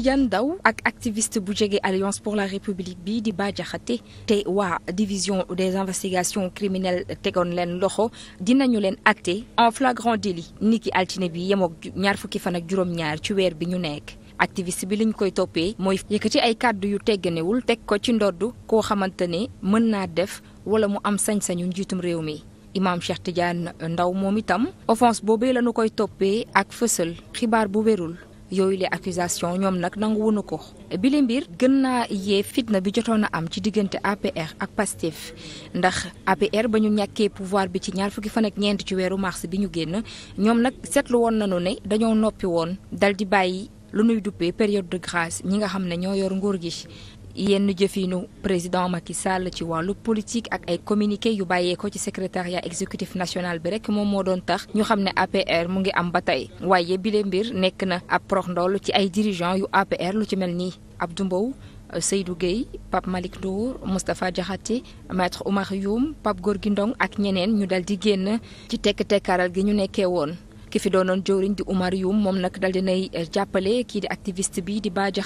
Tidiane Daw ak activiste bu jege Alliance pour la République bi di Bah Diakhaté te waa division des investigations criminelles tegoon leen loxo dinañu leen atte en flagrant délit niki altine bi yemook ñaar fukki fan ak juróom-ñaar ci weer bi ñu nekk activiste bi liñ koy toppee mooy yëkkati ay kaddu yu tegganewul teg ko ci ndodd koo xamante ne mën naa def wala mu am sañ-sañu njiitum réew mi imaam Cheikh Tidiane Ndaw moom itam offense boobee lañu koy ak fësal xibaar yooyu les accusations ñoom nag nanguwuñu ko bile mbir gën naa yee fitna bi jotoon a am ci diggante APR ak PASTEF ndax APR ba ñu ñàkkee pouvoir bi ci ñaar fukki fan ak ñeent ci weeru mars bi ñu génn ñoom nag seetlu woon nañu ne dañoo noppi woon dal di bàyyi lu ñuy duppee période de grâce ñi nga xam ne ñoo yor nguur gi yenn jëfinu président ma Macky Sall ci wàllu politique ak ay communiqué yu bàyyee ci secrétariat exécutif national bi rek moom moo doon tax ñu xam ne APR mu ngi am ba tey waaye bile mbir nekk na ab prox ndoll ci ay dirigeants yu APR lu ci mel nii Abdou Mbow Seydou Gueye Pape Malick Ndour Moustapha Diakhaté Maître Oumar Youm Pape Gorgui Ndong ak ñeneen ñu dal di génn ci tekk tekkaaral gi ñu nekkee woon ki fi doonoon jëwriñ di Oumar Youm moom nag dal dinay eh, jàppale kii di activiste bi di Bah ci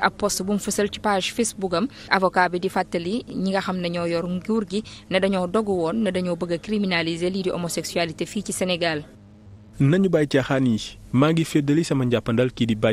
ab post bu fësal ci page Facebook am avocat bi di fàttali ñi nga xam ne ñoo yor nguur gi ne dañoo dogu woon ne dañoo bëgg a criminaliser lii di homosexualité fii ci Sénégal. nañu bàyyi caaxaan yi maa ngi féddali sama njàppandal kii di Bah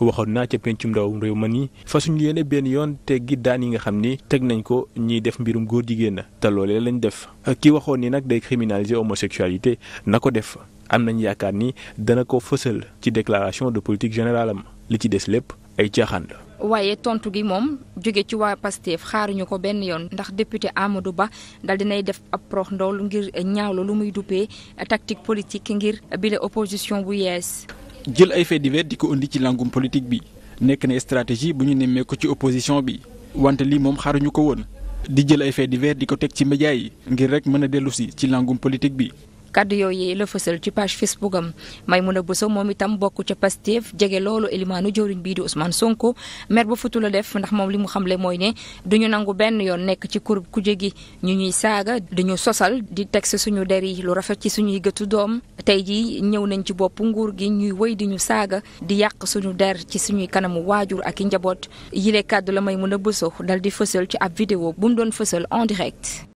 waxoon naa ca pencum ndawum réew ma nii fasuñu yéene benn yoon teggi daan yi nga xam ni teg nañ ko ñiy def mbirum góor jigéen na te loolee lañ def ki waxoon ni nag day criminaliser homosexualité na ko def. am nañ yaakaar ni dana ko fësal ci déclaration de politique générale am li ci des lépp ay caaxaan la. waaye tontu gi moom jóge ci waa Pastef xaaruñu ko benn yoon ndax député Amadou Ba dal dinay def ab prox ndool ngir ñaawlu lu muy duppee tactique politique ngir bile opposition bu yees. jël ay faits divers di ko indi ci langum politique bi nekk na stratégie bu ñu nemmee ko ci opposition bi wante lii moom xaaruñu ko woon di jël ay faits divers di ko teg ci média yi ngir rek mën a dellu ci langum politique bi. kàddu yooyu la fësal ci page Facebook am Maimouna Bousso moom itam bokk ca Pastef jege loolu élimaanu jëwriñ bii di Ousmane Sonko mer ba futu la def ndax moom li mu xam xamle mooy ne duñu nangu benn yoon nekk ci kurub kuje gi ñu ñuy saaga ñu sosal di teg suñu der yi lu rafet ci suñuy gëtu doom tey ji ñëw nañ ci bopp nguur gi ñuy wëy di ñu saaga di yàq suñu der ci suñuy kanamu waajur ak i njaboot yile kàddu la may mën a Bousso dal di fësal ci ab vidéo bu mu doon fësal en direct